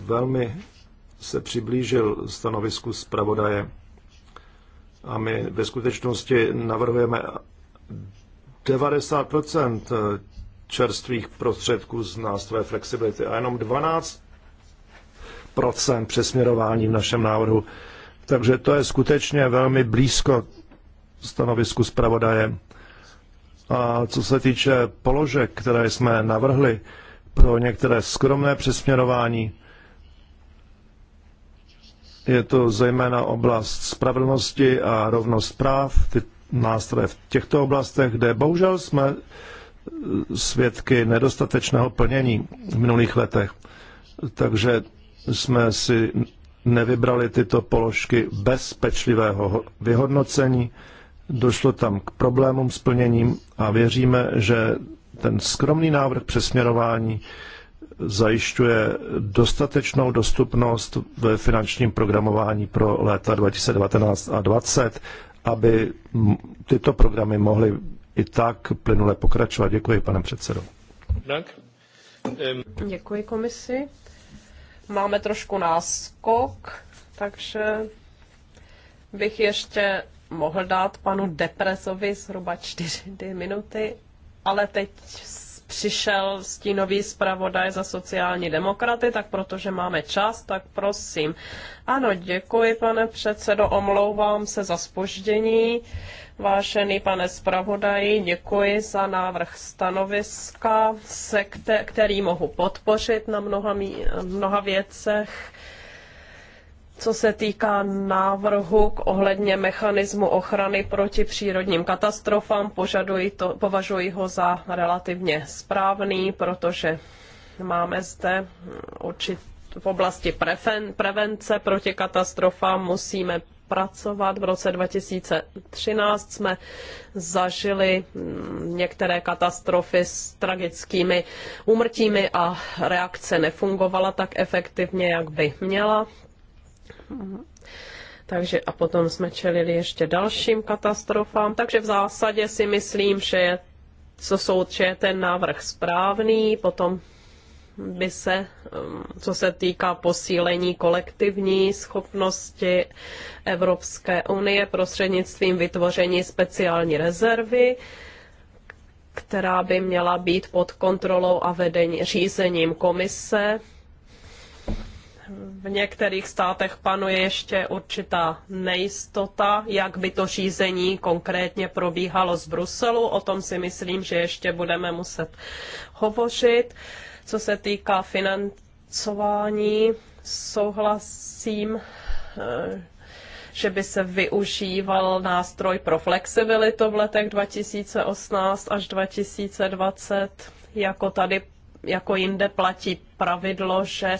velmi se přiblížil stanovisku zpravodaje a my ve skutečnosti navrhujeme 90 eh, čerstvých prostředků z nástroje flexibility a jenom 12 přesměrování v našem návrhu. Takže to je skutečně velmi blízko stanovisku zpravodaje. A co se týče položek, které jsme navrhli pro některé skromné přesměrování, je to zejména oblast spravedlnosti a rovnost práv. Ty nástroje v těchto oblastech, kde bohužel jsme svědky nedostatečného plnění v minulých letech. Takže jsme si nevybrali tyto položky bez pečlivého vyhodnocení. Došlo tam k problémům s plněním a věříme, že ten skromný návrh přesměrování zajišťuje dostatečnou dostupnost ve finančním programování pro léta 2019 a 2020 aby tyto programy mohly i tak plynule pokračovat. Děkuji, pane předsedo. Děkuji komisi. Máme trošku náskok, takže bych ještě mohl dát panu Depresovi zhruba čtyři minuty, ale teď přišel stínový zpravodaj za sociální demokraty, tak protože máme čas, tak prosím. Ano, děkuji, pane předsedo, omlouvám se za spoždění. Vážený pane zpravodaji, děkuji za návrh stanoviska, se kte- který mohu podpořit na mnoha, mnoha věcech co se týká návrhu k ohledně mechanismu ochrany proti přírodním katastrofám, požaduji to, považuji ho za relativně správný, protože máme zde určit, v oblasti prevence proti katastrofám musíme pracovat. V roce 2013 jsme zažili mm, některé katastrofy s tragickými úmrtími a reakce nefungovala tak efektivně, jak by měla. Mhm. Takže a potom jsme čelili ještě dalším katastrofám. Takže v zásadě si myslím, že je, co jsou, že je ten návrh správný, potom by se, um, co se týká posílení kolektivní schopnosti Evropské unie prostřednictvím vytvoření speciální rezervy, která by měla být pod kontrolou a vedení, řízením komise v některých státech panuje ještě určitá nejistota, jak by to řízení konkrétně probíhalo z Bruselu. O tom si myslím, že ještě budeme muset hovořit. Co se týká financování, souhlasím, eh, že by se využíval nástroj pro flexibilitu v letech 2018 až 2020, jako tady jako jinde platí pravidlo, že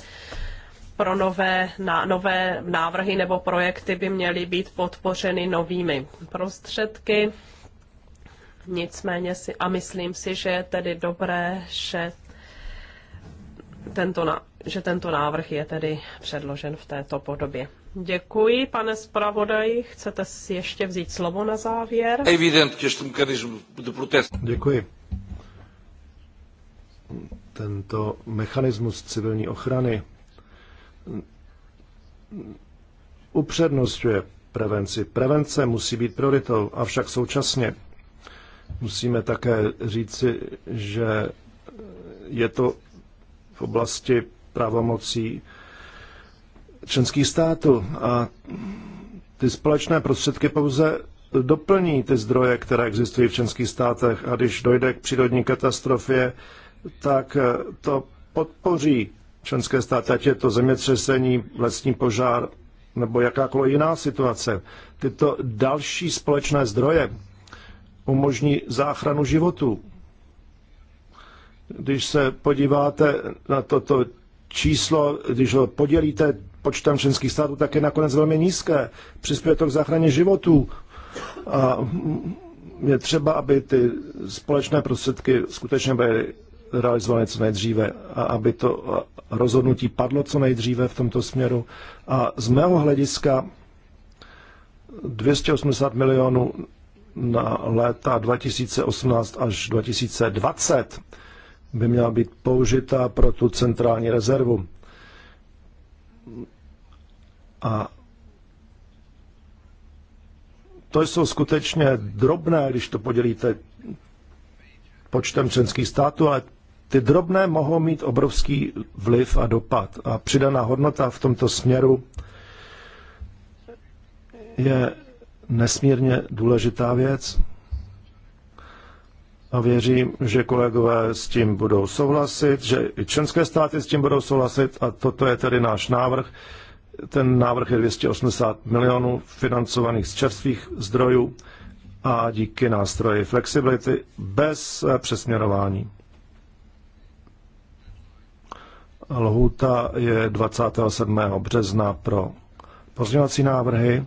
pro nové, na, nové návrhy nebo projekty by měly být podpořeny novými prostředky. Nicméně si a myslím si, že je tedy dobré, že tento, na, že tento návrh je tedy předložen v této podobě. Děkuji, pane zpravodaj. Chcete si ještě vzít slovo na závěr? Evident, že ten mechanismus do protestu. Děkuji. Tento mechanismus civilní ochrany upřednostňuje prevenci. Prevence musí být prioritou, avšak současně musíme také říci, že je to v oblasti pravomocí členských států a ty společné prostředky pouze doplní ty zdroje, které existují v členských státech a když dojde k přírodní katastrofě, tak to podpoří členské státy, ať je to zemětřesení, lesní požár nebo jakákoliv jiná situace. Tyto další společné zdroje umožní záchranu životů. Když se podíváte na toto číslo, když ho podělíte počtem členských států, tak je nakonec velmi nízké. Přispěje to k záchraně životů. A je třeba, aby ty společné prostředky skutečně byly realizovány co nejdříve a aby to rozhodnutí padlo co nejdříve v tomto směru. A z mého hlediska 280 milionů na léta 2018 až 2020 by měla být použita pro tu centrální rezervu. A to jsou skutečně drobné, když to podělíte počtem členských států, ale ty drobné mohou mít obrovský vliv a dopad. A přidaná hodnota v tomto směru je nesmírně důležitá věc. A věřím, že kolegové s tím budou souhlasit, že i členské státy s tím budou souhlasit a toto je tedy náš návrh. Ten návrh je 280 milionů financovaných z čerstvých zdrojů a díky nástroji flexibility bez eh, přesměrování. Lhůta je 27. března pro pozměňovací návrhy.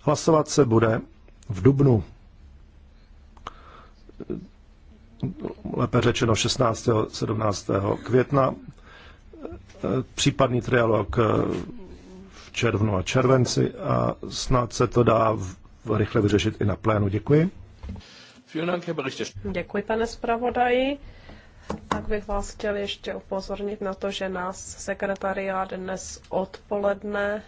Hlasovat se bude v Dubnu. Lépe řečeno 16. 17. května. Případný trialog v červnu a červenci a snad se to dá rychle vyřešit i na plénu. Děkuji. Děkuji, pane zpravodaji tak bych vás chtěl ještě upozornit na to, že nás sekretariát dnes odpoledne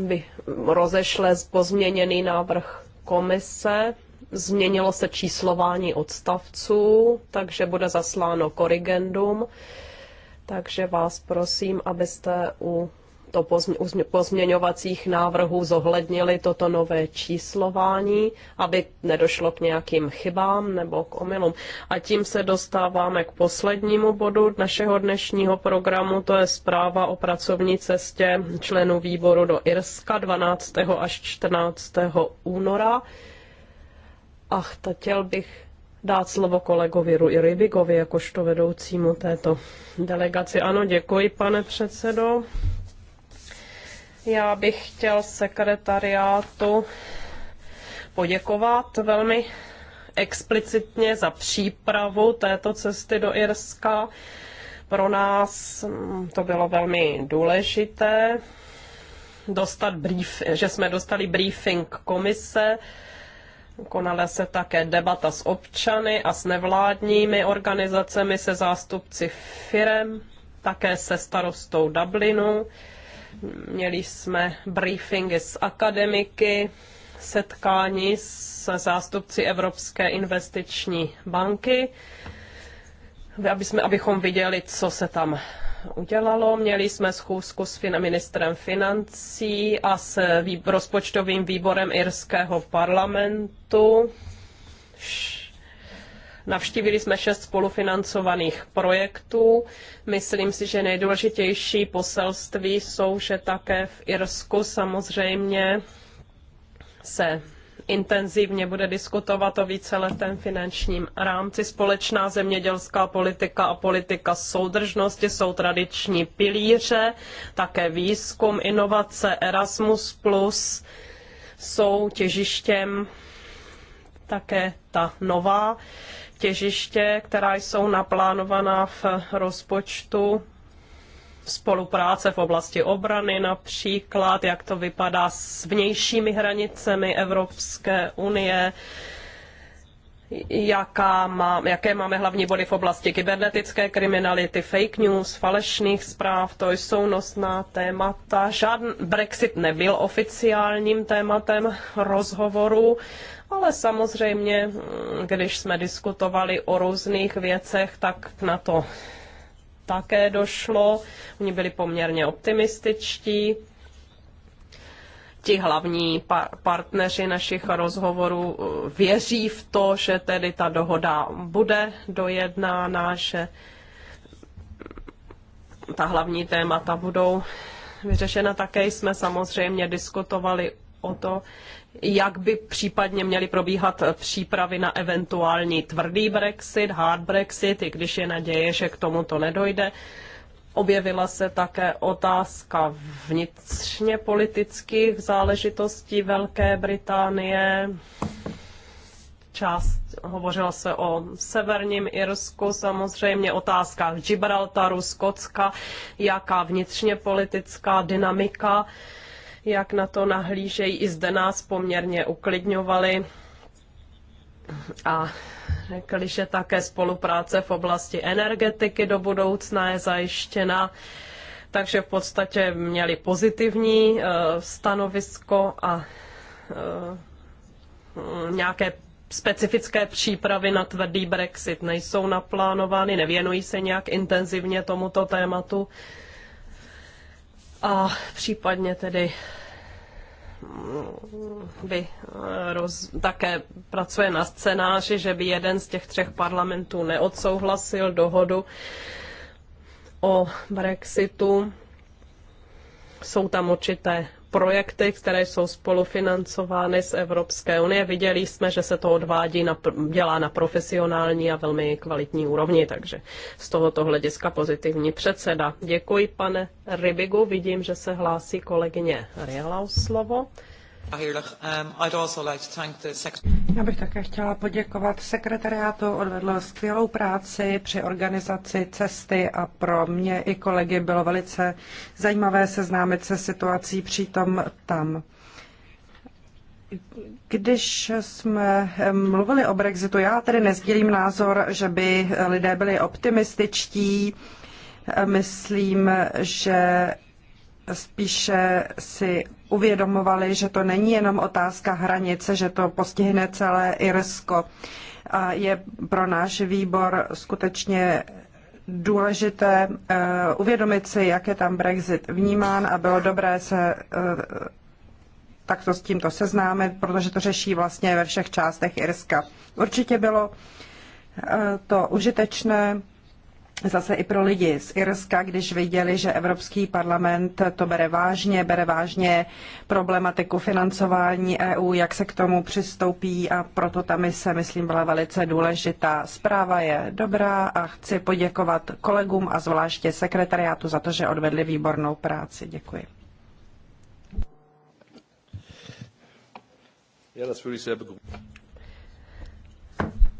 by rozešle pozměněný návrh komise. Změnilo se číslování odstavců, takže bude zasláno korrigendum. Takže vás prosím, abyste u to pozměňovacích návrhů zohlednili toto nové číslování, aby nedošlo k nějakým chybám nebo k omylům. A tím se dostáváme k poslednímu bodu našeho dnešního programu, to je zpráva o pracovní cestě členů výboru do Irska 12. až 14. února. Ach, chtěl bych dát slovo kolegovi Rybigovi, jakožto vedoucímu této delegaci. Ano, děkuji, pane předsedo. Já bych chtěl sekretariátu poděkovat velmi explicitně za přípravu této cesty do Irska. Pro nás mm, to bylo velmi důležité, dostat brief, že jsme dostali briefing komise, Konala se také debata s občany a s nevládními organizacemi, se zástupci firem, také se starostou Dublinu. Měli jsme briefingy s akademiky, setkání se zástupci Evropské investiční banky, aby jsme, abychom viděli, co se tam udělalo. Měli jsme schůzku s fin- ministrem financí a s rozpočtovým výborem irského parlamentu. Navštívili jsme šest spolufinancovaných projektů. Myslím si, že nejdůležitější poselství jsou, že také v Irsku samozřejmě se intenzivně bude diskutovat o víceletém finančním rámci. Společná zemědělská politika a politika soudržnosti jsou tradiční pilíře, také výzkum, inovace, Erasmus+, plus jsou těžištěm také ta nová těžiště, která jsou naplánovaná v rozpočtu spolupráce v oblasti obrany například, jak to vypadá s vnějšími hranicemi Evropské unie, jaká má, jaké máme hlavní body v oblasti kybernetické kriminality, fake news, falešných zpráv, to jsou nosná témata. Žádný Brexit nebyl oficiálním tématem rozhovoru, ale samozřejmě, když jsme diskutovali o různých věcech, tak na to také došlo. Oni byli poměrně optimističtí. Ti hlavní par- partneři našich rozhovorů eh, věří v to, že tedy ta dohoda bude dojednána, že ta hlavní témata budou vyřešena. Také jsme samozřejmě diskutovali o to, jak by případně měly probíhat přípravy na eventuální tvrdý Brexit, hard Brexit, i když je naděje, že k tomu to nedojde. Objevila se také otázka vnitřně politických záležitostí Velké Británie. Část, hovořilo se o severním Irsku, samozřejmě otázka Gibraltaru, Skotska, jaká vnitřně politická dynamika jak na to nahlížejí. I zde nás poměrně uklidňovali a řekli, že také spolupráce v oblasti energetiky do budoucna je zajištěna. Takže v podstatě měli pozitivní e, stanovisko a e, nějaké specifické přípravy na tvrdý Brexit nejsou naplánovány, nevěnují se nějak intenzivně tomuto tématu a případně tedy mm, by eh, roz, také pracuje na scénáři, že by jeden z těch třech parlamentů neodsouhlasil dohodu o Brexitu. Jsou tam určité projekty, které jsou spolufinancovány z Evropské unie. Viděli jsme, že se to odvádí, na, dělá na profesionální a velmi kvalitní úrovni, takže z tohoto hlediska pozitivní předseda. Děkuji, pane Rybigu. Vidím, že se hlásí kolegyně o slovo. Já bych také chtěla poděkovat sekretariátu, odvedl skvělou práci při organizaci cesty a pro mě i kolegy bylo velice zajímavé seznámit se situací přítom tam. Když jsme mluvili o Brexitu, já tedy nesdílím názor, že by lidé byli optimističtí. Myslím, že spíše si uvědomovali, že to není jenom otázka hranice, že to postihne celé Irsko. A je pro náš výbor skutečně důležité eh, uvědomit si, jak je tam Brexit vnímán a bylo dobré se eh, takto s tímto seznámit, protože to řeší vlastně ve všech částech Irska. Určitě bylo eh, to užitečné zase i pro lidi z Irska, když viděli, že Evropský parlament to bere vážně, bere vážně problematiku financování EU, jak se k tomu přistoupí a proto ta mise, myslím, byla velice důležitá. Zpráva je dobrá a chci poděkovat kolegům a zvláště sekretariátu za to, že odvedli výbornou práci. Děkuji.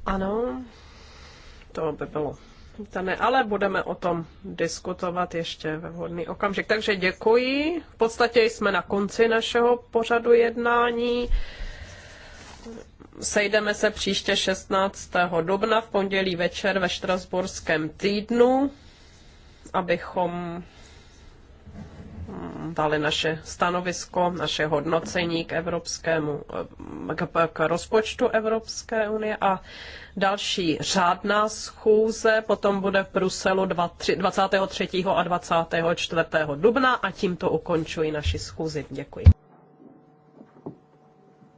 Ano, to by bylo to ne, ale budeme o tom diskutovat ještě ve vhodný okamžik. Takže děkuji. V podstatě jsme na konci našeho pořadu jednání. Sejdeme se příště 16. dubna v pondělí večer ve Štrasburském týdnu, abychom dali naše stanovisko, naše hodnocení k evropskému, k, k rozpočtu Evropské unie a další řádná schůze potom bude v Bruselu 23, a 24. dubna a tímto ukončuji naši schůzi. Děkuji.